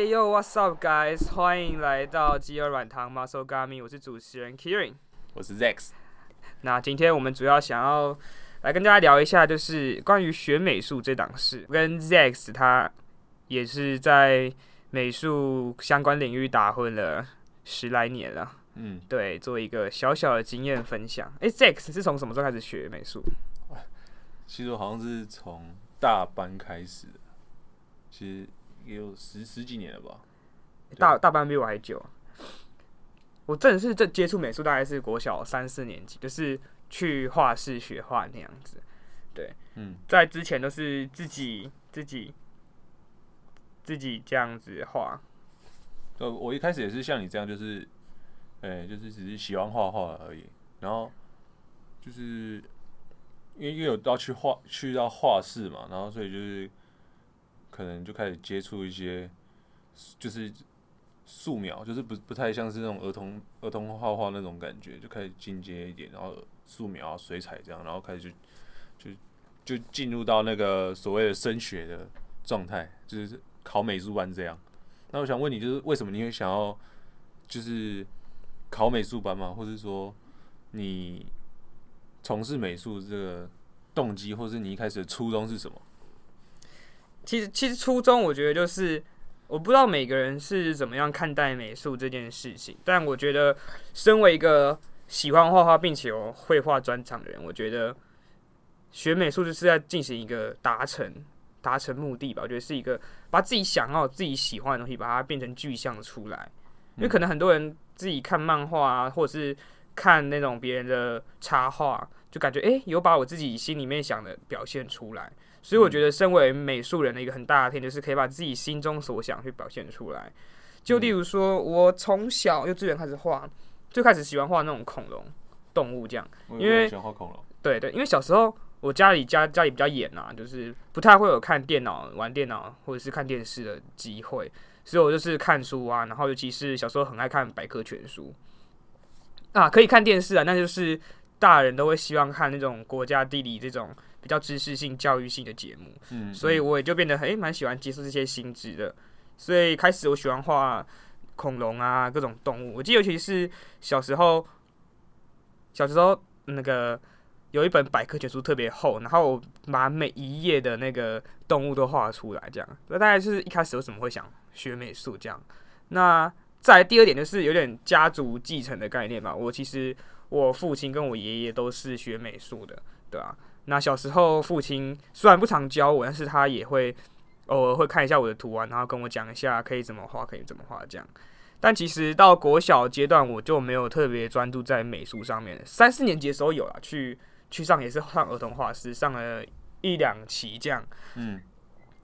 Hey, yo, what's up, guys？歡迎來到肌肉軟糖 Muscle Gummy，我是主持人 Kieran，我是 Zex。那今天我們主要想要來跟大家聊一下，就是關於學美術這檔事。跟 Zex 他也是在美術相關領域打混了十來年了，嗯，對，做一個小小的經驗分享。誒，Zex 是從什麼時候開始學美術？其實我好像是從大班開始其實。也有十十幾年了吧，大大班比我還久，啊。我正式，這接觸美術大概是國小三四年級，就是去畫室學畫那樣子。對，嗯，在之前都是自己自己自己這樣子畫。呃，我一開始也是像你這樣，就是，哎、欸，就是只是喜歡畫畫而已。然後就是因為因為有要去畫去到畫室嘛，然後所以就是。可能就開始接觸一些，就是素描，就是不不太像是那種兒童兒童畫畫那種感覺，就開始進階一點，然後素描、水彩這樣，然後開始就就就進入到那個所謂的升學的狀態，就是考美術班這樣。那我想問你，就是為什麼你會想要就是考美術班嘛，或者說你從事美術這個動機，或是你一開始的初衷是什麼？其實，其實初衷，我覺得就是，我不知道每個人是怎麼樣看待美術這件事情。但我覺得，身為一個喜歡畫畫並且有繪畫專長的人，我覺得學美術就是在進行一個達成、達成目的吧。我覺得是一個把自己想要、自己喜歡的東西，把它變成具象出來。嗯、因為可能很多人自己看漫畫啊，或者是看那種別人的插畫，就感覺哎、欸，有把我自己心裡面想的表現出來。所以我覺得，身為美術人的一個很大的天，就是可以把自己心中所想去表現出來。就例如說，我從小幼稚園開始畫，最開始喜歡畫那種恐龍、動物這樣。因為對對，因為小時候我家裡家家裡比較嚴啊，就是不太會有看電腦、玩電腦或者是看電視的機會，所以我就是看書啊，然後尤其是小時候很愛看百科全書。啊，可以看電視啊，那就是大人都會希望看那種國家地理這種。比較知識性、教育性的節目，嗯嗯。所以我也就變得很、欸、蠻喜歡接觸這些新知的。所以開始我喜歡畫恐龍啊，各種動物。我記得尤其是小時候，小時候那個有一本百科全書特別厚，然後我把每一頁的那個動物都畫出來，這樣。那大概是一開始為什麼會想學美術這樣。那再來第二點就是有點家族繼承的概念吧，我其實我父親跟我爺爺都是學美術的，對吧、啊？那小時候，父親雖然不常教我，但是他也會偶爾會看一下我的圖案，然後跟我講一下可以怎麼畫，可以怎麼畫這樣。但其實到國小階段，我就沒有特別專注在美術上面。三四年級的時候有啦，去去上也是上兒童畫室，上了一兩期這樣。嗯。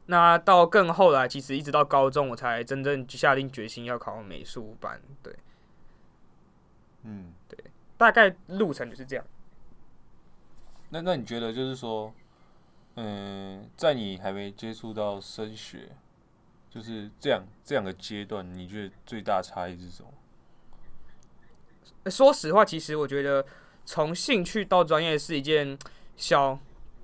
那到更後來，其實一直到高中，我才真正下定決心要考美術班。對。嗯，對，大概路程就是這樣。那那你覺得就是說，嗯，在你還沒接觸到升學，就是這樣這樣的階段，你覺得最大差異是什麼？說實話，其實我覺得從興趣到專業是一件小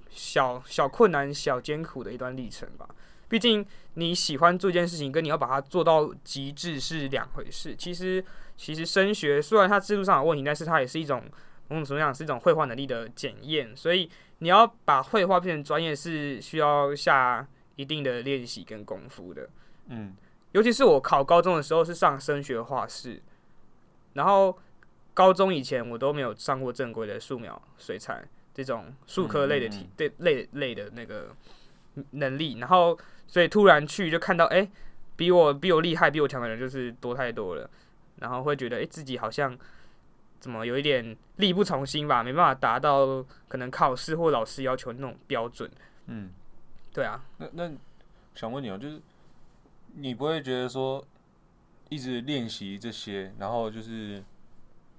小小困難、小艱苦的一段歷程吧。畢竟你喜歡做一件事情，跟你要把它做到極致是兩回事。其實，其實升學雖然它制度上有問題，但是它也是一種。我們怎麼樣？是一種繪畫能力的檢驗，所以你要把繪畫變成專業是需要下一定的練習跟功夫的。嗯，尤其是我考高中的時候是上升學畫室，然後高中以前我都沒有上過正規的素描、水彩這種術科類的題，對、嗯嗯嗯、類類的那個能力。然後所以突然去就看到，哎、欸，比我比我厲害、比我強的人就是多太多了，然後會覺得哎、欸、自己好像。怎麼有一點力不從心吧？沒辦法達到可能考試或老師要求的那種標準。嗯，對啊。那那想問你哦、喔，就是你不會覺得說一直練習這些，然後就是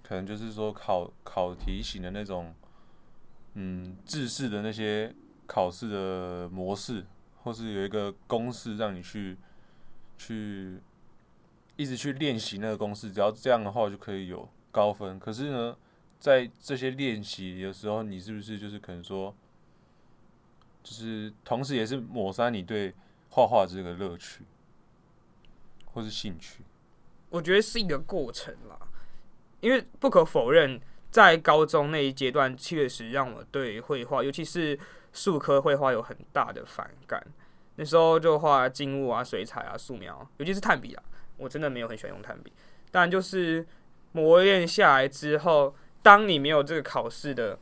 可能就是說考考題型的那種，嗯，制式的那些考試的模式，或是有一個公式讓你去去一直去練習那個公式，只要這樣的話就可以有。高分，可是呢，在這些練習的時候，你是不是就是可能說，就是同時也是抹殺你對畫畫這個樂趣，或是興趣？我覺得是一個過程啦，因為不可否認，在高中那一階段，確實讓我對繪畫，尤其是術科繪畫有很大的反感。那時候就畫靜物啊、水彩啊、素描，尤其是炭筆啊，我真的沒有很喜歡用炭筆。但就是。磨練下來之後，當你沒有這個考試的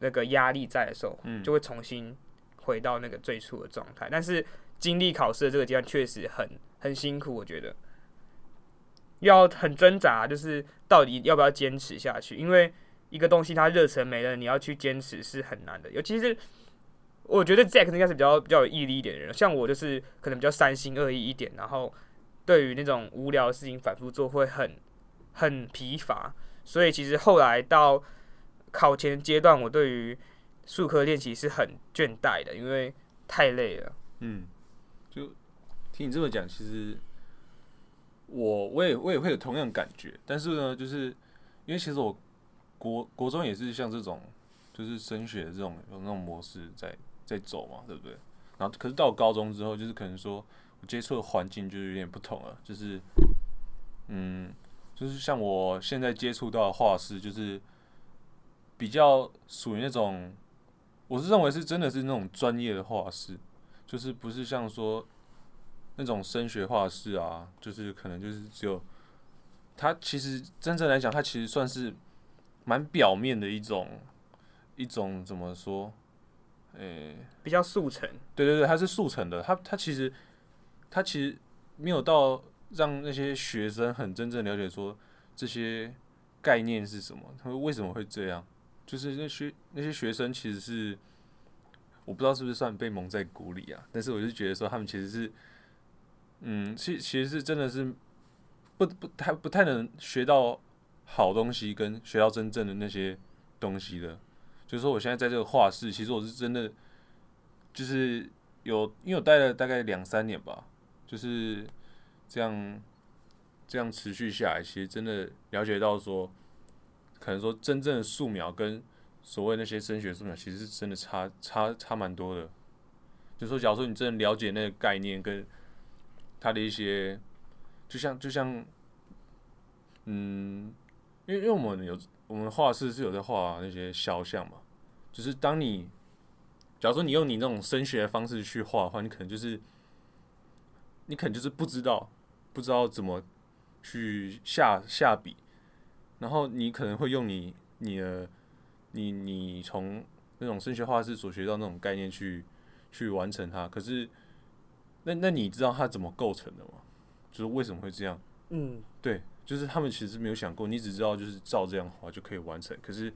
那個壓力在的時候，嗯，就會重新回到那個最初的狀態。但是經歷考試的這個階段確實很很辛苦，我覺得要很掙扎，就是到底要不要堅持下去？因為一個東西它熱忱沒了，你要去堅持是很難的。尤其是我覺得 Jack 應該是比較比較有毅力一點的人，像我就是可能比較三心二意一點，然後對於那種無聊的事情反復做會很。很疲乏，所以其實後來到考前階段，我對於術科練習是很倦怠的，因為太累了。嗯，就聽你這麼講，其實我我也我也會有同樣感覺，但是呢，就是因為其實我國國中也是像這種就是升學的這種有那種模式在在走嘛，對不對？然後可是到高中之後，就是可能說我接觸的環境就有點不同了，就是嗯。就是像我現在接觸到的畫室，就是比較屬於那種，我是認為是真的是那種專業的畫室，就是不是像說那種升學畫室啊，就是可能就是只有它其實真正來講，它其實算是蠻表面的一種一種怎麼說？哎，比較速成。對對對，它是速成的。它它其實它其實沒有到。讓那些學生很真正了解說這些概念是什麼，他們為什麼會這樣？就是那些那些學生其實是，我不知道是不是算被蒙在鼓裡啊。但是我就覺得說他們其實是，嗯，其其實是真的是不不太不太能學到好東西，跟學到真正的那些東西的。就是說，我現在在這個畫室，其實我是真的就是有，因為我待了大概兩三年吧，就是。這樣這樣持續下來，其實真的了解到說，可能說真正的素描跟所謂那些升學素描，其實是真的差差差蠻多的。就是說假如說你真的了解那個概念跟它的一些，就像就像，嗯，因為因為我們有我們畫室是有在畫那些肖像嘛，就是當你假如說你用你那種升學的方式去畫的話，你可能就是你可能就是不知道。不知道怎麼去下下筆，然後你可能會用你你的你你從那種升學畫室所學到那種概念去去完成它。可是，那那你知道它怎麼構成的嗎？就是為什麼會這樣？嗯，對，就是他們其實沒有想過，你只知道就是照這樣畫就可以完成。可是，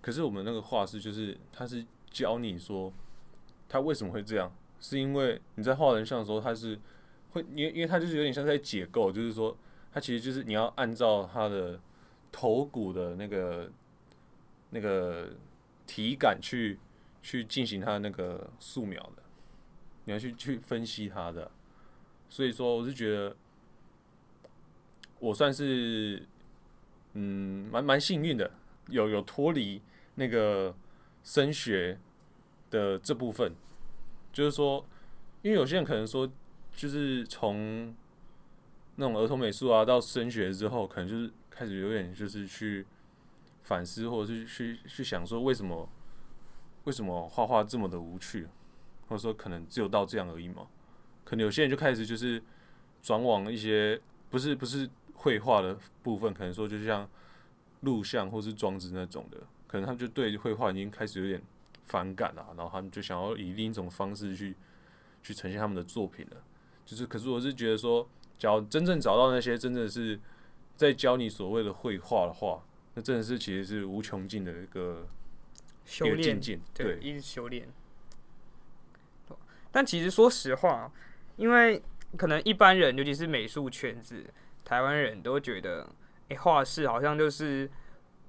可是我們那個畫室就是他是教你說，他為什麼會這樣？是因為你在畫人像的時候，他是。會，因為，因為它就是有點像在解構，就是說，它其實就是你要按照它的頭骨的那個那個體感去去進行它的那個素描的，你要去去分析它的。所以說，我是覺得我算是嗯，蠻蠻幸運的，有有脫離那個升學的這部分。就是說，因為有些人可能說。就是從那種兒童美術啊，到升學之後，可能就是開始有點就是去反思，或者是去去想說為什麼為什麼畫畫這麼的無趣，或者說可能只有到這樣而已嘛？可能有些人就開始就是轉往一些不是不是繪畫的部分，可能說就像錄像或是裝置那種的，可能他們就對繪畫已經開始有點反感了，然後他們就想要以另一種方式去去呈現他們的作品了。就是，可是我是覺得說，只要真正找到那些真的是在教你所謂的繪畫的話，那真的是其實是無窮盡的一個修煉，精進，對，一直修煉。但其實說實話，因為可能一般人，尤其是美術圈子，台灣人都覺得，哎，畫室好像就是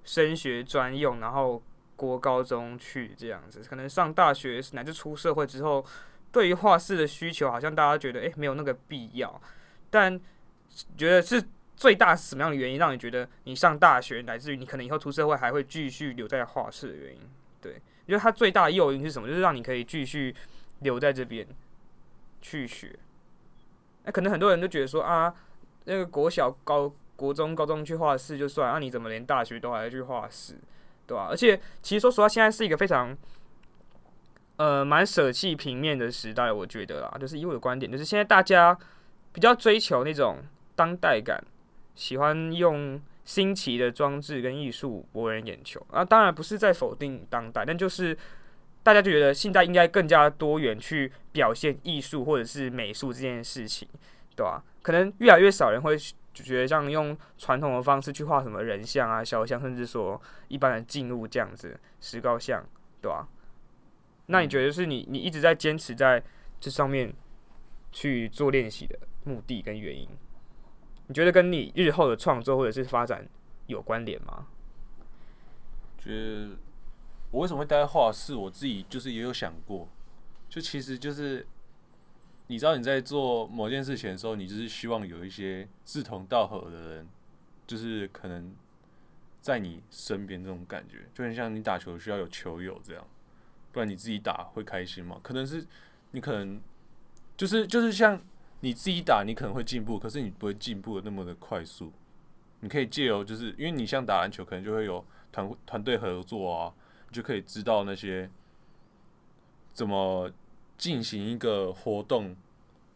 升學專用，然後國高中去這樣子，可能上大學乃至出社會之後。對於畫室的需求，好像大家覺得誒，沒有那個必要，但覺得是最大是什麼樣的原因讓你覺得你上大學乃至於你可能以後出社會還會繼續留在畫室的原因？對，因為它最大的誘因是什麼？就是讓你可以繼續留在這邊去學。那可能很多人都覺得說啊，那個國小高、國中、高中去畫室就算了，那、啊、你怎麼連大學都還要去畫室，對吧？而且其實說實話，現在是一個非常。呃，蠻捨棄平面的時代，我覺得啦，就是以我的觀點，就是現在大家比較追求那種當代感，喜歡用新奇的裝置跟藝術博人眼球啊。當然不是在否定當代，但就是大家就覺得現在應該更加多元去表現藝術或者是美術這件事情，對吧、啊？可能越來越少人會覺得像用傳統的方式去畫什麼人像啊、肖像，甚至說一般的靜物這樣子，石膏像，對吧、啊？那你覺得是你你一直在堅持在這上面去做練習的目的跟原因？你覺得跟你日後的創作或者是發展有關聯嗎？覺得我為什麼會待在畫室，我自己就是也有想過，就其實就是你知道你在做某件事情的時候，你就是希望有一些志同道合的人，就是可能在你身邊這種感覺，就很像你打球需要有球友這樣。不然你自己打會開心嗎？可能是你可能就是就是像你自己打，你可能會進步，可是你不會進步的那麼的快速。你可以借由就是因為你像打籃球，可能就會有團團隊合作啊，你就可以知道那些怎麼進行一個活動。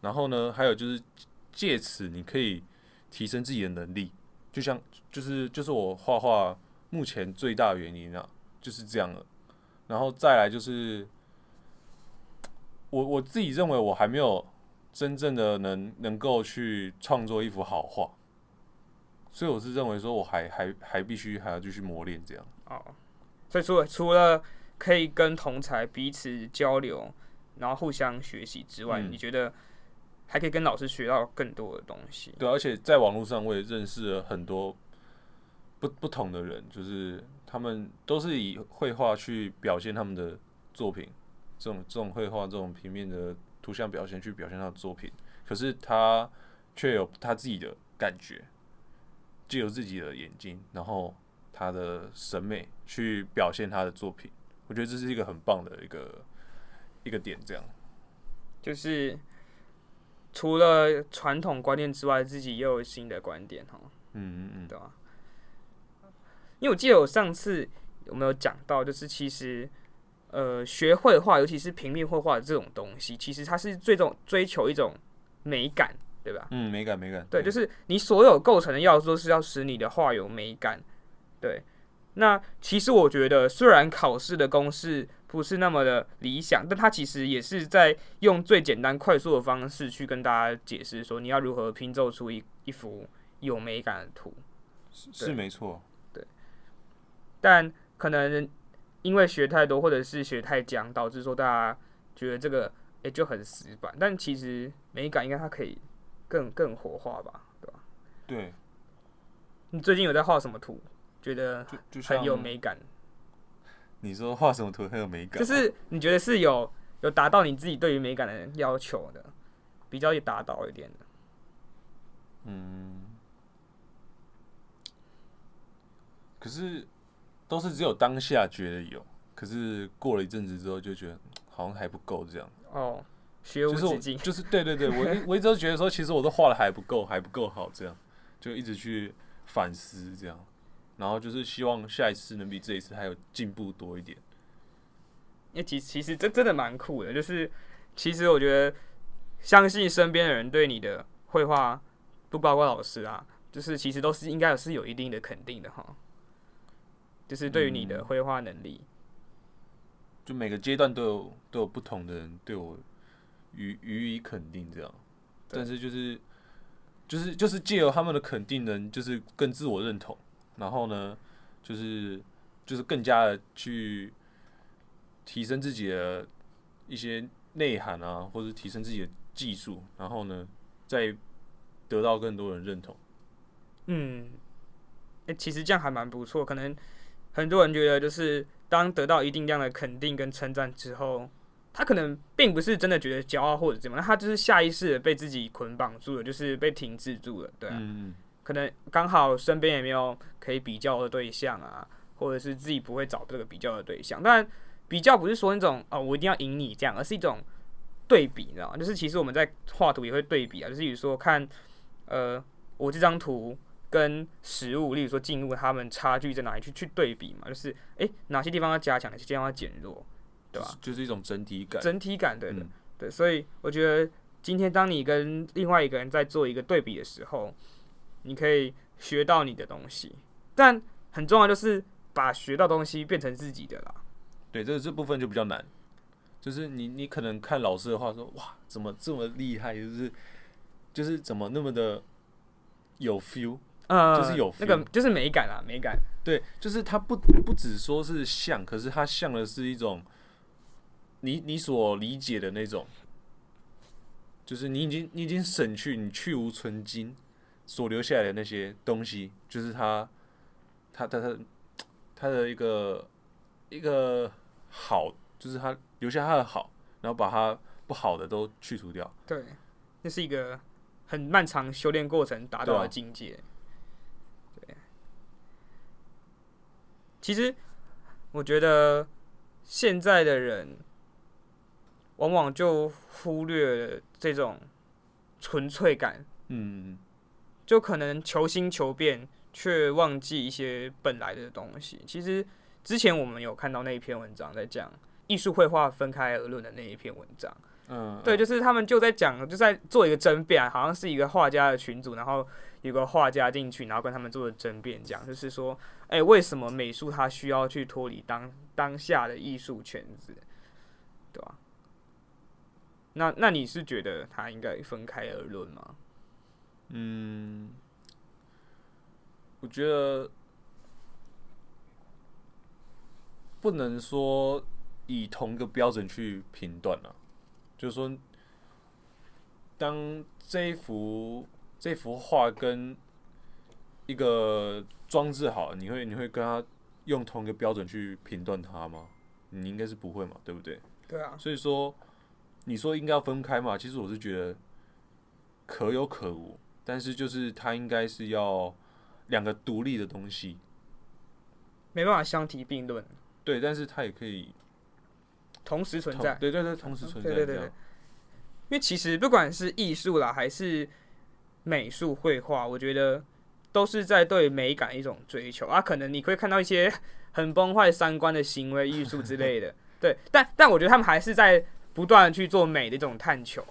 然後呢，還有就是借此你可以提升自己的能力。就像就是就是我畫畫目前最大原因啊，就是這樣了。然後再來就是我，我我自己認為我還沒有真正的能能夠去創作一幅好畫，所以我是認為說我還還還必須還要繼續磨練這樣。哦，所以除了除了可以跟同才彼此交流，然後互相學習之外，嗯，你覺得還可以跟老師學到更多的東西？對，而且在網絡上我也認識了很多不不同的人，就是。他們都是以繪畫去表現他們的作品，這種這種繪畫、這種平面的圖像表現去表現他的作品。可是他卻有他自己的感覺，藉由自己的眼睛，然後他的審美去表現他的作品。我覺得這是一個很棒的一個一個點，這樣就是除了傳統觀念之外，自己也有新的觀點、哦，哈。嗯嗯嗯，對吧？因為我記得我上次有沒有講到，就是其實，呃，學繪畫，尤其是平面繪畫的這種東西，其實它是最終追求一種美感，對吧？嗯，美感，美感。對，對就是你所有構成的要素，是要使你的畫有美感。對。那其實我覺得，雖然考試的公式不是那麼的理想，但它其實也是在用最簡單、快速的方式去跟大家解釋，說你要如何拼湊出一一幅有美感的圖。是是沒錯。但可能因為學太多，或者是學太僵，導致說大家覺得這個哎、欸、就很死板。但其實美感，應該它可以更更活化吧，對吧？對。你最近有在畫什麼圖？覺得很有美感。你說畫什麼圖很有美感？就是你覺得是有有達到你自己對於美感的要求的，比較有達到一點的。嗯。可是。都是只有當下覺得有，可是過了一陣子之後就覺得好像還不夠這樣。哦，學無止境就，就是對對對，我我一直都覺得說，其實我都畫的還不夠， 還不夠好，這樣就一直去反思這樣，然後就是希望下一次能比這一次還有進步多一點。那其其實這真的蠻酷的，就是其實我覺得相信身邊的人對你的繪畫，不包括老師啊，就是其實都是應該是有一定的肯定的哈。就是對於你的繪畫能力、嗯，就每個階段都有都有不同的人對我予予以肯定，這樣。對但是就是就是就是借由他們的肯定，人就是更自我認同。然後呢，就是就是更加的去提升自己的一些內涵啊，或者提升自己的技術。然後呢，再得到更多人認同。嗯，哎、欸，其實這樣還蠻不錯，可能。很多人覺得，就是當得到一定量的肯定跟稱讚之後，他可能並不是真的覺得驕傲或者怎麼樣。他就是下意識的被自己捆綁住了，就是被停滯住了，對啊。嗯。可能剛好身邊也沒有可以比較的對象啊，或者是自己不會找這個比較的對象。但比較不是說那種哦，我一定要贏你這樣，而是一種對比，你知道嗎？就是其實我們在畫圖也會對比啊，就是比如說看，呃，我這張圖。跟實物，例如說進入他們差距，在哪裡？去去對比嘛，就是誒，哪些地方要加強，哪些地方要減弱，對吧？就是一種整體感，整體感對對、嗯、對。所以我覺得今天當你跟另外一個人在做一個對比的時候，你可以學到你的東西，但很重要就是把學到東西變成自己的啦。對，這這部分就比較難，就是你你可能看老師的話說，哇，怎麼這麼厲害？就是就是怎麼那麼的有 feel。嗯，uh, 就是有那個就是美感啊，美感。對，就是它不不只說是像，可是它像的是一種你你所理解的那種，就是你已經你已經省去你去蕪存菁所留下來的那些東西，就是它它它它它的一個一個好，就是它留下它的好，然後把它不好的都去除掉。對，那是一個很漫長修煉過程達到的境界。其實，我覺得現在的人往往就忽略了這種純粹感，嗯，就可能求新求變，卻忘記一些本來的東西。其實之前我們有看到那一篇文章，在講藝術繪畫分開而論的那一篇文章。嗯，對，就是他們就在講，就在做一個爭辯，好像是一個畫家的群組，然後有個畫家進去，然後跟他們做了爭辯，講就是說，哎，為什麼美術它需要去脫離當當下的藝術圈子，對吧？那那你是覺得它應該分開而論嗎？嗯，我覺得不能說以同一個標準去評斷了。就是說，當這一幅這一幅畫跟一個裝置好，你會你會跟他用同一個標準去評斷它嗎？你應該是不會嘛，對不對？對啊。所以說，你說應該要分開嘛，其實我是覺得可有可無，但是就是它應該是要兩個獨立的東西，沒辦法相提並論。對，但是它也可以同時存在，對對對，同時存在這樣，對，對對，因為其實不管是藝術啦，還是美術繪畫，我覺得都是在對美感一種追求啊。可能你會看到一些很崩壞三觀的行為藝術之類的， 對，但但我覺得他們還是在不斷去做美的一種探求。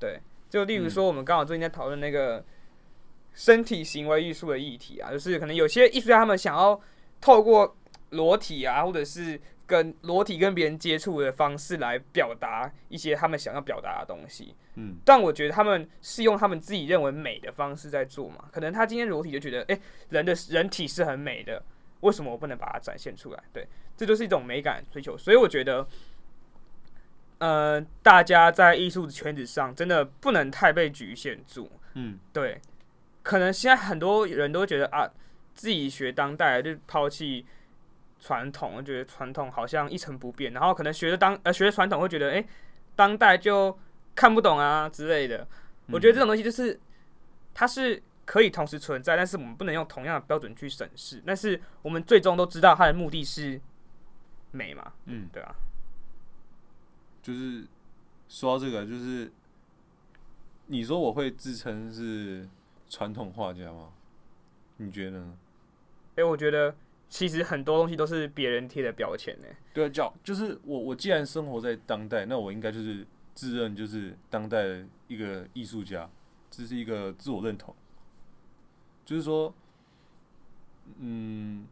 對，就例如說，我們剛好最近在討論那個身體行為藝術的議題啊，就是可能有些藝術家他們想要透過裸體啊，或者是。跟裸體跟別人接觸的方式來表達一些他們想要表達的東西，嗯，但我覺得他們是用他們自己認為美的方式在做嘛，可能他今天裸體就覺得，欸，人的人體是很美的，為什麼我不能把它展現出來？對，這就是一種美感追求，所以我覺得，呃，大家在藝術圈子上真的不能太被局限住，嗯，對，可能現在很多人都覺得啊，自己學當代就拋棄。傳統，我覺得傳統好像一成不變，然後可能學的當呃學的傳統會覺得，哎、欸，當代就看不懂啊之類的。我覺得這種東西就是、嗯、它是可以同時存在，但是我們不能用同樣的標準去審視。但是我們最終都知道它的目的是美嘛？嗯，對吧、啊？就是說到這個，就是你說我會自稱是傳統畫家嗎？你覺得呢？哎、欸，我覺得。其實很多東西都是別人貼的標籤呢。對啊，叫就是我，我既然生活在當代，那我應該就是自認就是當代的一個藝術家，這是一個自我認同。就是說，嗯，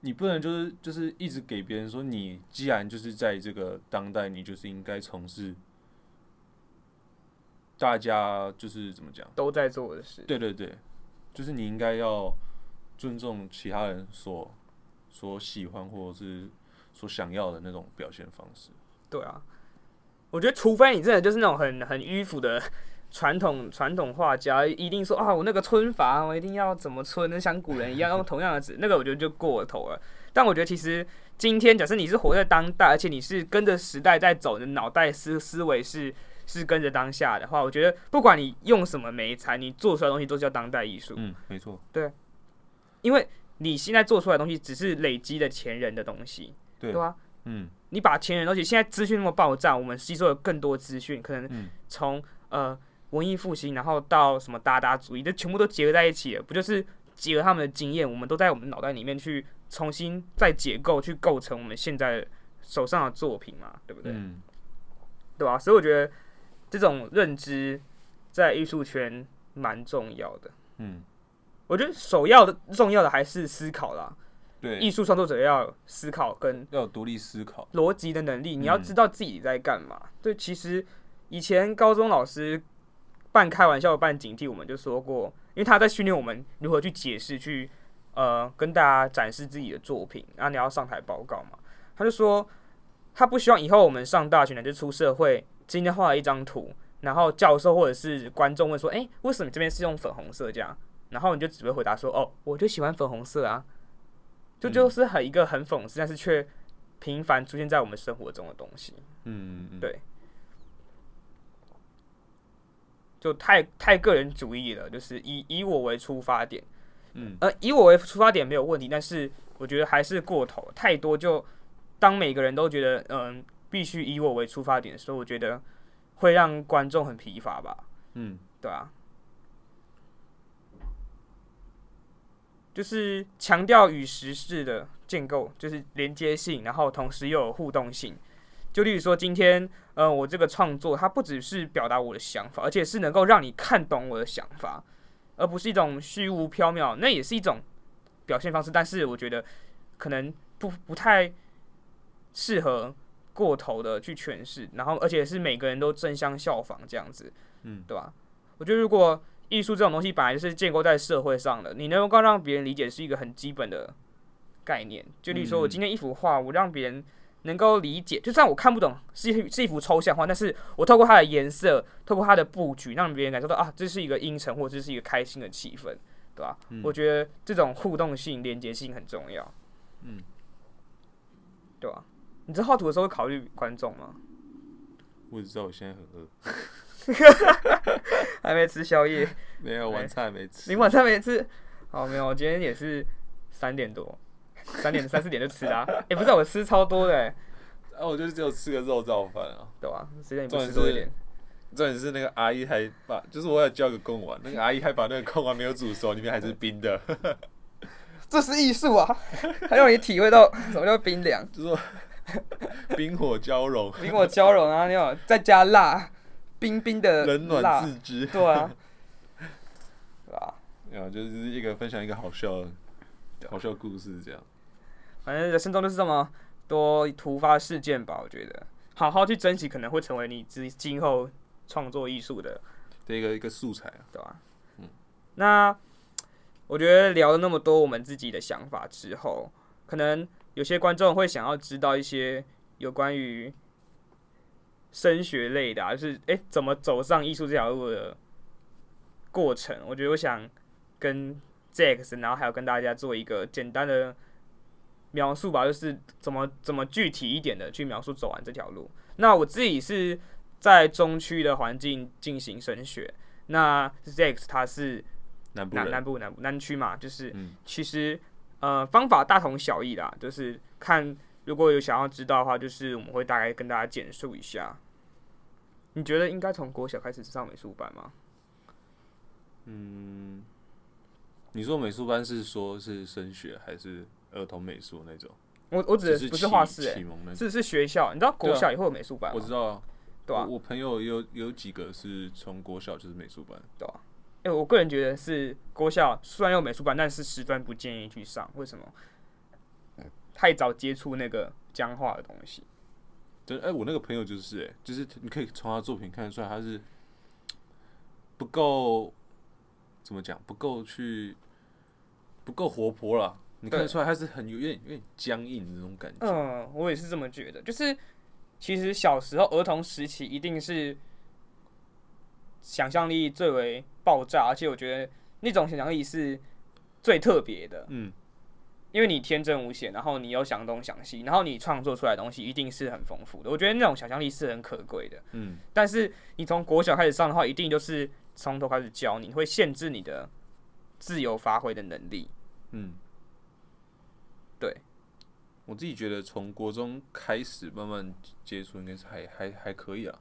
你不能就是就是一直給別人說，你既然就是在這個當代，你就是應該從事大家就是怎麼講都在做的事。對對對，就是你應該要。尊重其他人所所喜歡或者是所想要的那種表現方式。對啊，我覺得除非你真的就是那種很很迂腐的傳統傳統畫家，一定說啊，我、哦、那個皴法，我一定要怎麼皴，能像古人一樣用同樣的紙， 那個我覺得就過頭了。但我覺得其實今天，假設你是活在當代，而且你是跟着時代在走的，腦袋思思維是是跟着當下的話，我覺得不管你用什麼媒材，你做出來的東西都是叫當代藝術。嗯，沒錯，對。因為你現在做出來的東西，只是累積的前人的東西，對，對吧？嗯，你把前人的東西，現在資訊那麼爆炸，我們吸收了更多資訊，可能從、嗯、呃文藝復興，然後到什麼達達主義，這全部都結合在一起了，不就是結合他們的經驗，我們都在我們腦袋裡面去重新再結構，去構成我們現在手上的作品嘛，對不對？嗯、對吧？所以我覺得這種認知在藝術圈蠻重要的。嗯。我覺得首要的重要的還是思考啦。對，藝術創作者要思考，跟要有獨立思考邏輯的能力。嗯、你要知道自己在幹嘛。對，其實以前高中老師半開玩笑半警惕，我們就說過，因為他在訓練我們如何去解釋，去呃跟大家展示自己的作品。然後你要上台報告嘛？他就說他不希望以後我們上大學呢，就出社會，今天畫了一張圖，然後教授或者是觀眾問說：“哎、欸，為什麼這邊是用粉紅色？”這樣。然後你就只會回答說：“哦，我就喜歡粉紅色啊！”這就，就是很一個很諷刺，嗯、但是卻頻繁出現在我們生活中的東西。嗯，嗯，嗯，對，就太太個人主義了，就是以以我為出發點。嗯，呃，以我為出發點沒有問題，但是我覺得還是過頭太多。就當每個人都覺得嗯、呃、必須以我為出發點的時候，所以我覺得會讓觀眾很疲乏吧。嗯，對啊。就是強調與時事的建構，就是連接性，然後同時又有互動性。就例如說，今天，嗯、呃，我這個創作，它不只是表達我的想法，而且是能夠讓你看懂我的想法，而不是一種虛無縹緲。那也是一種表現方式，但是我覺得可能不不太適合過頭的去詮釋，然後而且是每個人都爭相效仿這樣子，嗯，對吧？我覺得如果。藝術這種東西本來就是建構在社會上的，你能夠讓別人理解是一個很基本的概念。就例如說，我今天一幅畫，我讓別人能夠理解，就算我看不懂是一是一幅抽象畫，但是我透過它的顏色，透過它的布局，讓別人感受到啊，這是一個陰沉，或者這是一個開心的氣氛，對吧？嗯，我覺得這種互動性、連接性很重要，嗯，對吧？你在畫圖的時候會考慮觀眾嗎？我只知道我現在很餓。 還沒吃宵夜，沒有晚餐還沒吃、欸。你晚餐沒吃？好，沒有。我今天也是三點多，三點三四點就吃了。哎、 欸，不是，我吃超多的、啊。我就只有吃個肉燥飯啊。對吧、啊？時間不遲多一點，重點。重點是那個阿姨還把，就是我要叫個貢丸。那個阿姨還把那個貢丸沒有煮熟，裡面還是冰的。 這是藝術啊！還讓你體會到什麼叫冰涼，就是說冰火交融， 冰火交融啊！你要再加辣。冰冰的冷暖自知，對啊， 對吧？啊，yeah, 就是一個分享一個好笑、對好笑故事這樣。反正人生中就是這麼多突發事件吧，我覺得好好去珍惜，可能會成為你今後創作藝術的一個一個素材，對啊？嗯，那我覺得聊了那麼多我們自己的想法之後，可能有些觀眾會想要知道一些有關於。升學類的、啊，就是哎、欸，怎麼走上藝術這條路的過程？我覺得我想跟 Zex，然後還有跟大家做一個簡單的描述吧，就是怎麼怎麼具體一點的去描述走完這條路。那我自己是在中區的環境進行升學，那 Zex 他是南部南部南部南區嘛，就是、嗯、其實呃方法大同小異啦，就是看如果有想要知道的話，就是我們會大概跟大家簡述一下。你覺得應該從國小開始上美術班嗎？嗯，你說美術班是說，是升學還是兒童美術那種？我我指的不是畫室、欸，啟蒙的，是是學校。你知道國小也會有美術班嗎？我知道，對我，我朋友有有幾個是從國小就是美術班，對吧、啊？哎、欸，我個人覺得是國小雖然有美術班，但是十分不建議去上，為什麼？太早接觸那個僵化的東西。對，哎、欸，我那個朋友就是，欸，哎，就是你可以從他作品看得出來，他是不夠怎麼講，不夠去不夠活潑啦，對你看得出來，他是很有點有點僵硬的那種感覺。嗯，呃，我也是這麼覺得。就是其實小時候兒童時期，一定是想象力最為爆炸，而且我覺得那種想象力是最特別的。嗯。因為你天真無邪，然後你又想東想西，然後你創作出來的東西一定是很豐富的。我覺得那種想象力是很可貴的。嗯，但是你從國小開始上的話，一定就是從頭開始教你，你會限制你的自由發揮的能力。嗯，對，我自己覺得從國中開始慢慢接觸，應該是還還還可以啊。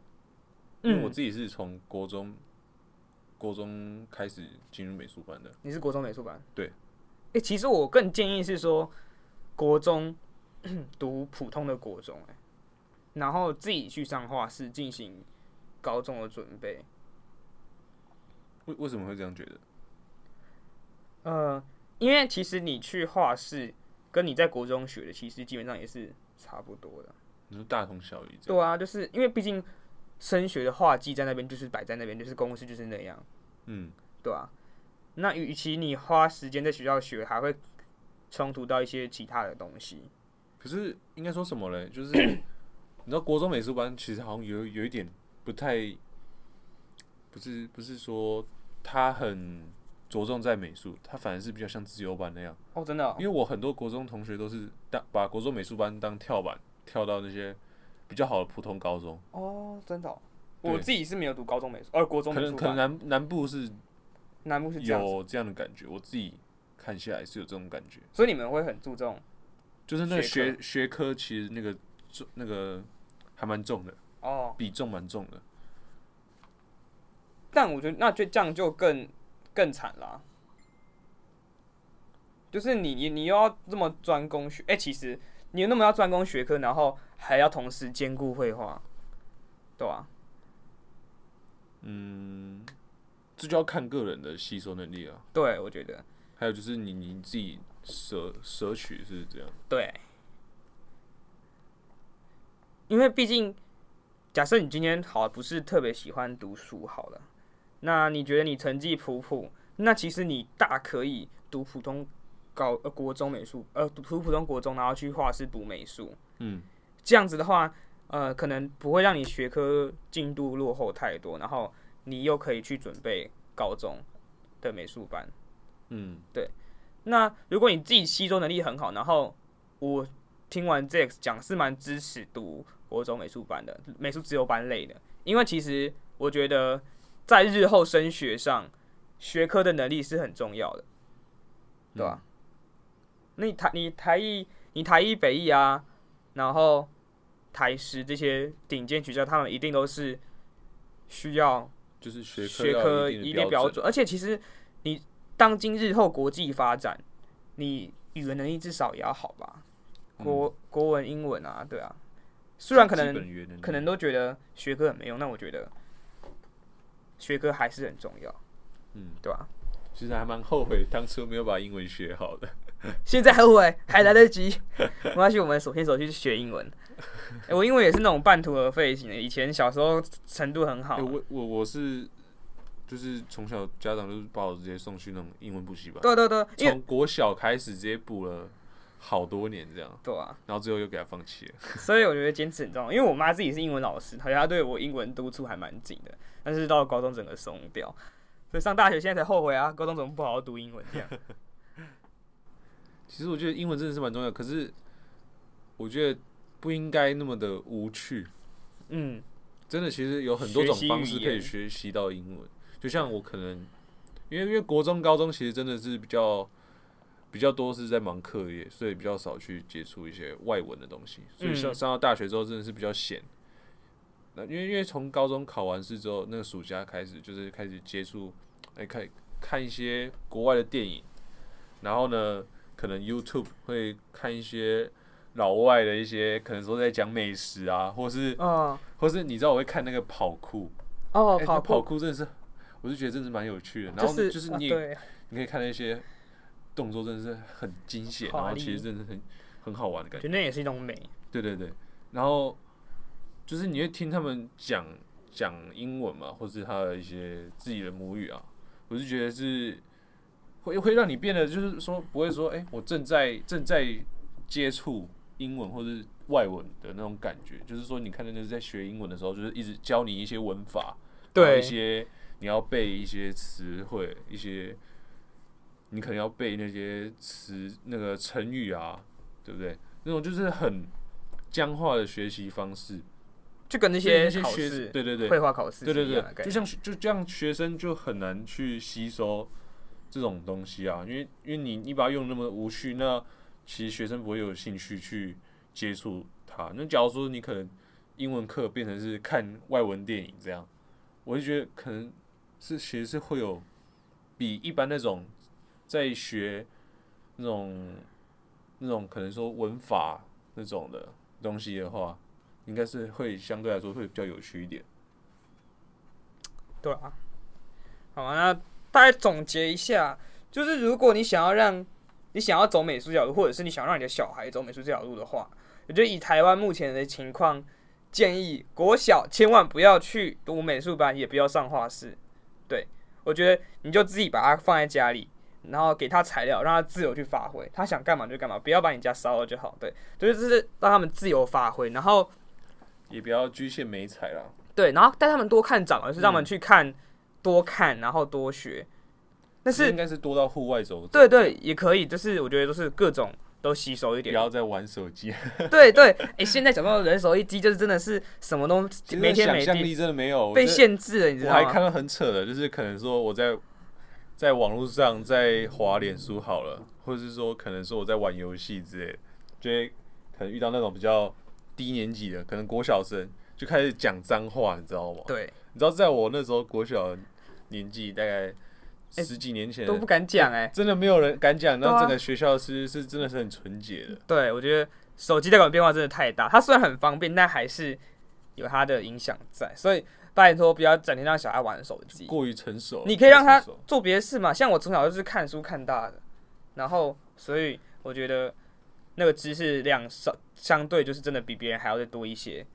嗯，因為我自己是從國中國中開始進入美術班的。你是國中美術班？對。哎、欸，其實我更建議是說，國中呵呵讀普通的國中，欸，哎，然後自己去上畫室進行高中的準備。為為什麼會這樣覺得？嗯、呃，因為其實你去畫室，跟你在國中學的，其實基本上也是差不多的，你說大同小異。對啊，就是因為畢竟升學的畫技在那邊就是擺在那邊，就是公式就是那樣，嗯，對啊。那與其你花時間在學校學，還會衝突到一些其他的東西。可是應該說什麼嘞？就是你知道國中美術班其實好像有有一點不太，不是不是說他很着重在美術，他反而是比較像自由班那樣。哦，真的哦。因為我很多國中同學都是當把國中美術班當跳板，跳到那些比較好的普通高中。哦，真的哦。我自己是沒有讀高中美術，而對、哦、國中美術班可能可能南南部是。南部是有這樣的感覺，我自己看起來是有這種感覺，所以你們會很注重，就是那個學學科其實那個重那個還蠻重的哦，比重蠻重的。但我覺得那就這樣就更更慘了，就是你你你又要這麼專攻學，哎、欸，其實你那麼要專攻學科，然後還要同時兼顧繪畫，對吧、啊？嗯。這就要看個人的吸收能力了啊。對，我覺得。還有就是你你自己捨捨取是這樣。對。因為畢竟，假設你今天好不是特別喜歡讀書好了，那你覺得你成績普普，那其實你大可以讀普通高呃國中美術呃讀普，普通國中，然後去畫室讀美術。嗯。這樣子的話，呃，可能不會讓你學科進度落後太多，然後。你又可以去準備高中的美術班，嗯，對。那如果你自己吸收能力很好，然後我聽完 Zex 講是蠻支持讀國中美術班的、美術自由班類的，因為其實我覺得在日後升學上，學科的能力是很重要的，對吧，嗯？那你台你台藝你台藝北藝啊，然後台師這些頂尖學校，他們一定都是需要。就是學科有一定標，標準，而且其實你當今日後國際發展，你語文能力至少也要好吧？國、嗯、國文、英文啊，對啊。雖然可能，能可能都覺得學科很沒用，那我覺得學科還是很重要。嗯，對啊。其實還蠻後悔、嗯、當初沒有把英文學好的，現在後悔還來得及。 沒關係，我們首先首先學英文。欸，我英文也是那種半途而廢型的，以前小時候程度很好啊。欸，我我我是就是從小家長就是把我直接送去那種英文補習班。對對對，從國小開始直接補了好多年這樣。對啊，然後最後又給他放棄了。所以我覺得堅持很重要，因為我媽自己是英文老師，好像她對我英文督促還蠻緊的。但是到了高中整個鬆掉，所以上大學現在才後悔啊，高中怎麼不好好讀英文這樣。其實我覺得英文真的是蠻重要，可是我覺得。不應該那麼的無趣，嗯，真的，其實有很多種方式可以學習到英文。就像我可能，因為因為國中、高中其實真的是比較比較多是在忙課業，所以比較少去接觸一些外文的東西。所以上上到大學之後，真的是比較閒。嗯、那因為因為從高中考完試之後，那個暑假開始就是開始接觸，哎、欸、看看一些國外的電影，然後呢，可能 YouTube 會看一些。老外的一些可能說在講美食啊，或是，uh, 或是你知道我會看那個跑酷哦跑、oh, 欸、跑酷真的是，是我就覺得真的是蠻有趣的。然後就是你，啊、你可以看那些動作真的是很驚險，然後其實真的是很，很好玩的感覺。那也是一種美。對對對，然後就是你會聽他們講講英文嘛，或是他的一些自己的母語啊，我就覺得是會會讓你變得就是說不會說，哎、欸，我正在正在接觸。英文或者是外文的那種感覺，就是說，你看那個在學英文的時候，就是一直教你一些文法，對一些你要背一些詞彙，一些你可能要背那些詞，那個成語啊，對不對？那種就是很僵化的學習方式，就跟那些考試，學考試對對對，繪畫考試啊、對對對，念就像就這樣，學生就很難去吸收這種東西啊，因為因為你你把它用那麼無序那。其實學生不會有興趣去接觸它。那假如說你可能英文課變成是看外文電影這樣，我就覺得可能是其實是會有比一般那種在學那種那種可能說文法那種的東西的話，應該是會相對來說會比較有趣一點。對啊，好啊，那大概總結一下，就是如果你想要讓。你想要走美術角度，或者是你想讓你的小孩走美術這條路的話，我覺得以台灣目前的情況，建議國小千萬不要去讀美術班，也不要上畫室。對，我覺得你就自己把它放在家裡，然後給他材料，讓他自由去發揮，他想幹嘛就幹嘛，不要把你家燒了就好。對，就是就是讓他們自由發揮，然後也不要局限媒材了。對，然後帶他們多看展，而、就是讓他們去看、嗯、多看，然後多學。但是應該是多到戶外走、走，對對也可以，就是我覺得就是各種都吸收一點，不要再玩手機。 對對，誒、欸，現在講到人手一機，就是真的是什麼都沒天沒地，想像力真的沒有被限制了，你知道嗎？我還看到很扯的，就是可能說我在在網絡上在滑臉書好了，或者是說可能說我在玩遊戲之類的，就可能遇到那種比較低年級的，可能國小生就開始講髒話，你知道嗎？對，你知道在我那時候國小年紀，大概。十幾年前，欸、都不敢講哎，欸，真的沒有人敢講。那這個學校是，啊，是真的是很純潔的。對，我覺得手機帶來的變化真的太大。它雖然很方便，但還是有它的影響在。所以拜托，不要整天讓小孩玩手機。過於成熟，你可以讓他做別的事嘛。像我從小就是看書看大的，然後所以我覺得那個知識量相相對就是真的比別人還要再多一些，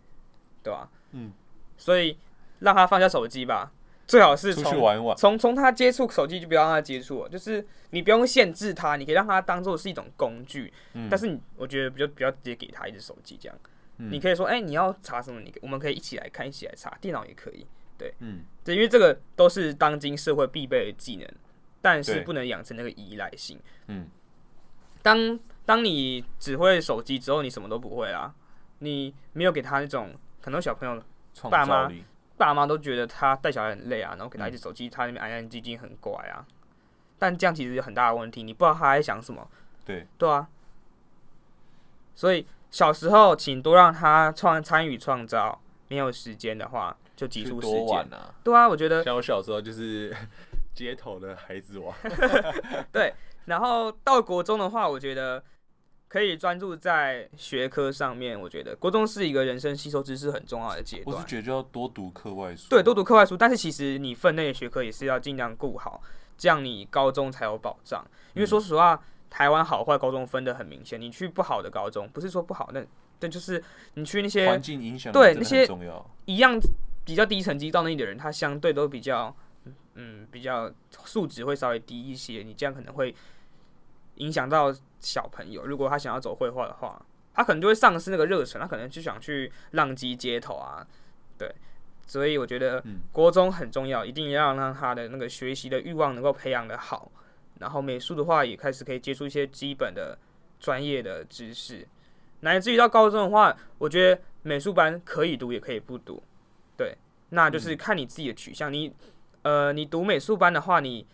對吧，啊？嗯，所以讓他放下手機吧。最好是出去玩玩，從從他接觸手機就不要讓他接觸，就是你不用限制他，你可以讓他當做是一種工具。嗯，但是你我覺得比較比較直接給他一只手機這樣，嗯，你可以說哎，欸，你要查什麼，你我們可以一起來看，一起來查，電腦也可以，對，嗯，對，因為這個都是當今社會必備的技能，但是不能養成那個依賴性。嗯，當當你只會手機之後，你什麼都不會啊，你沒有給他那種很多小朋友爸媽。爸媽都覺得他帶小孩很累啊，然後給他一支手機，他那邊安安靜靜，很乖啊。但這樣其實有很大的問題，你不知道他在想什麼。對，對啊。所以小時候，請多讓他創參與創造。沒有時間的話，就擠出時間。啊對啊，我覺得。像我小時候就是街頭的孩子王。 對，然後到國中的話，我覺得。可以專注在學科上面，我覺得國中是一個人生吸收知識很重要的階段。我是覺得就要多讀課外書，對，多讀課外書。但是其實你分內的學科也是要盡量顧好，這樣你高中才有保障。因為說實話，嗯、台灣好壞高中分得很明顯。你去不好的高中，不是說不好，那但，但就是你去那些環境影響對那些一樣比較低成績到那裡的人，他相對都比較嗯，嗯比較素質會稍微低一些。你這樣可能會影響到。小朋友，如果他想要走繪畫的話，他可能就會上失那個熱忱，他可能就想去浪跡街頭啊，對，所以我覺得國中很重要，嗯、一定要讓他的那個學習的慾望能夠培養的好，然後美術的話也開始可以接觸一些基本的專業的知識，乃至於到高中的話，我覺得美術班可以讀也可以不讀，對，那就是看你自己的取向，嗯、你呃，你讀美術班的話，你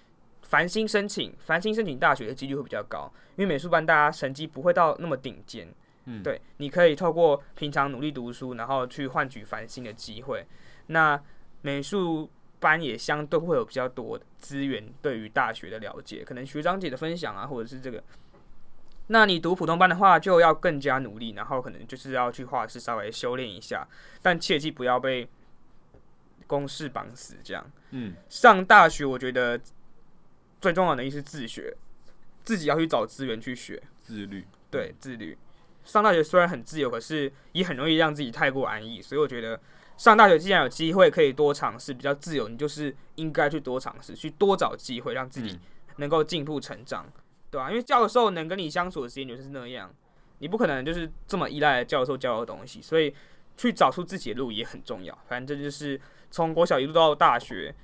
繁星申請，繁星申請大學的幾率會比較高，因為美術班大家成績不會到那麼頂尖。嗯、對，你可以透過平常努力讀書，然後去換取繁星的機會。那美術班也相對會有比較多資源對於大學的了解，可能學長姐的分享啊，或者是這個。那你讀普通班的話，就要更加努力，然後可能就是要去畫室稍微修煉一下，但切記不要被公式綁死。這樣，嗯，上大學我覺得。最重要的能力是自學，自己要去找資源去學。自律，對，自律。上大學雖然很自由，可是也很容易讓自己太過安逸。所以我覺得，上大學既然有機會可以多嘗試，比較自由，你就是應該去多嘗試，去多找機會，讓自己能夠進步成長，嗯、對啊，因為教授能跟你相處的時間就是那樣，你不可能就是這麼依賴教授教的東西，所以去找出自己的路也很重要。反正就是從國小一路到大學，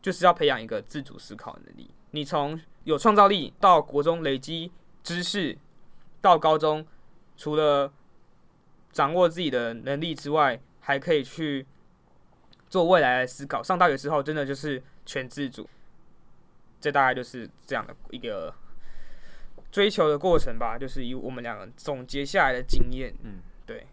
就是要培養一個自主思考能力。你從有創造力到國中累積知識，到高中除了掌握自己的能力之外，還可以去做未來的思考。上大學之後，真的就是全自主。這大概就是這樣的一個追求的過程吧。就是以我們兩個總結下來的經驗，嗯，對。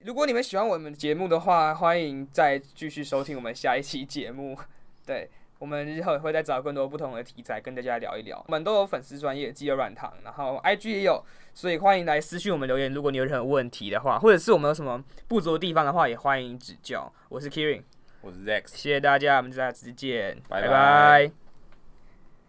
如果你們喜歡我們節目的話，歡迎再繼續收聽我們下一期節目。對。我們日後會再找更多不同的題材跟大家聊一聊。我們都有粉絲專業，既有軟糖，然後 IG 也有，所以歡迎來私訊我們留言。如果你有任何問題的話，或者是我們有什麼不足的地方的話，也歡迎指教。我是 Kirin，我是 Zex。謝謝大家，我們下次見，拜拜 bye。Bye bye